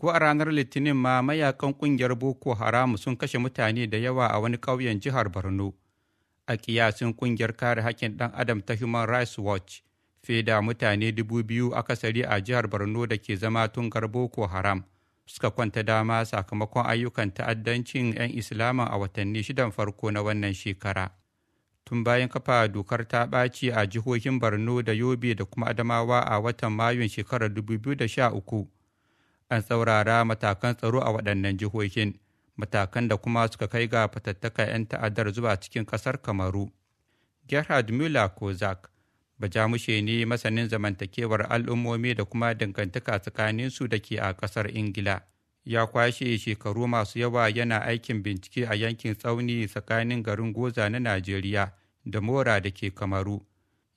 ko a ranar litinin ma mayakan ƙungiyar boko haram sun kashe mutane da yawa a wani ƙauyen jihar borno a kiyasin ƙungiyar kare haƙƙin ɗan adam ta human rights watch fiye da mutane dubu biyu akasari a jihar borno da ke zama tun tungar boko haram suka kwanta dama sakamakon ayyukan ta'addancin 'yan islaman a watanni shidan farko na wannan shekara tun bayan kafa dokar ta ɓaci a jihohin borno da yobe da kuma adamawa a watan mayun shekarar 2013 an saurara matakan tsaro a waɗannan jihohin matakan da kuma suka kai ga fatattaka 'yan ta'addar zuwa cikin ƙasar kamaru gerhard müller kozak bajamushe ne masanin zamantakewar al'ummomi da kuma dangantaka tsakaninsu da ke a ƙasar ingila ya kwashe shekaru masu yawa yana aikin bincike a yankin tsauni tsakanin garin goza na najeriya da mora da ke kamaru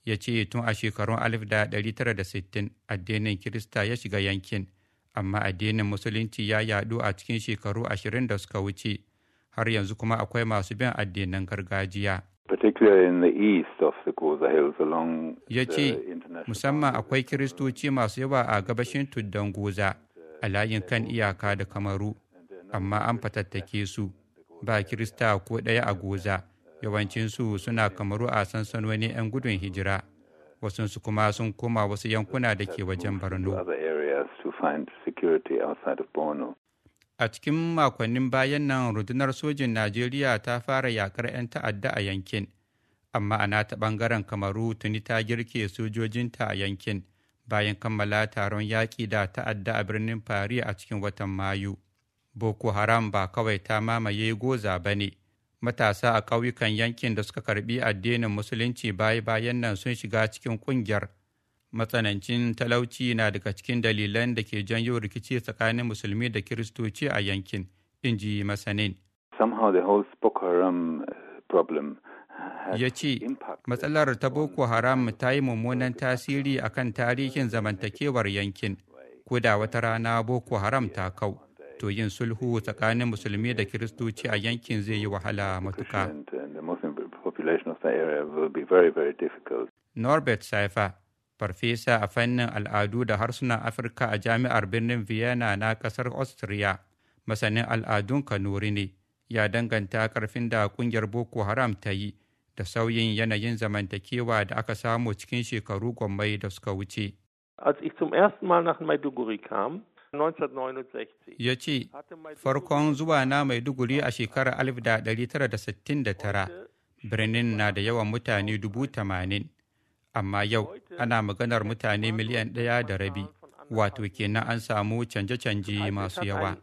ya ce tun a shekarun 1960 addinin kirista ya shiga yankin amma addinin musulunci ya yadu a cikin shekaru ashirin da suka wuce har yanzu kuma akwai masu bin addinin gargajiya ya ce musamman akwai kiristoci masu yawa a gabashin tuddan goza a layin kan iyaka da kamaru amma an fatattake su ba kirista ko ɗaya a goza yawancinsu suna kamaru a sansanoni 'yan gudun hijira wasunsu kuma sun koma wasu yankuna da ke wajen barno. to find security outside of Borno. A cikin makonnin bayan nan rundunar sojin Najeriya ta fara yakar 'yan ta'adda a yankin, amma ana ta ɓangaren kamaru tuni ta girke sojojinta a yankin bayan kammala taron yaƙi da ta'adda a birnin Fari a cikin watan Mayu. Boko Haram ba kawai ta mamaye goza ba ne. Matasa a ƙauyukan yankin da suka karbi addinin Musulunci baya-bayan nan sun shiga cikin ƙungiyar. matsanancin talauci na daga cikin dalilan da ke janyo rikici tsakanin musulmi da kiristoci a yankin in ji masanin uh, ya ce matsalar ta boko haram ta yi mummunan tasiri a kan tarihin zamantakewar yankin ko da wata rana boko haram ta kau to yin sulhu tsakanin musulmi da kiristoci a yankin zai yi wahala matuka norbert saifa farfesa a fannin al'adu da harsunan afirka a jami'ar birnin vienna na kasar austria masanin al'adun kanuri ne ya danganta karfin da kungiyar boko haram ta yi da sauyin yanayin zamantakewa da aka samu cikin shekaru gwamnati da suka wuce ya ce farkon zuwa na maiduguri a shekarar 1969 birnin na da yawan mutane 80,000, amma yau ana maganar mutane miliyan ɗaya da rabi wato kenan an samu canje-canje masu yawa.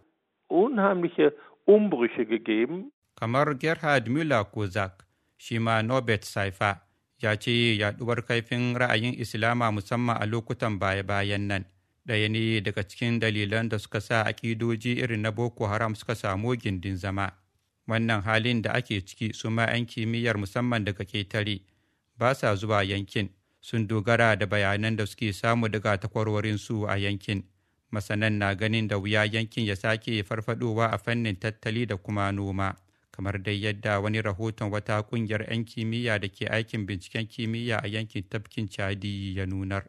Kamar Gerhard Müller Kozak, shi ma Norbert Saifa, ya ce yaɗuwar kaifin ra'ayin Islama musamman a lokutan baya-bayan nan. Ɗaya ne daga cikin dalilan da suka sa akidoji irin na Boko Haram suka samu gindin zama. Wannan halin da ake ciki su ma 'yan kimiyyar musamman daga ketare ba sa zuwa yankin. sun dogara da bayanan da suke samu daga takwarorinsu a yankin masanan na ganin da wuya yankin ya sake farfadowa a fannin tattali da kuma noma kamar dai yadda wani rahoton wata kungiyar 'yan kimiyya da ke aikin binciken kimiyya a yankin tafkin chadi ya nunar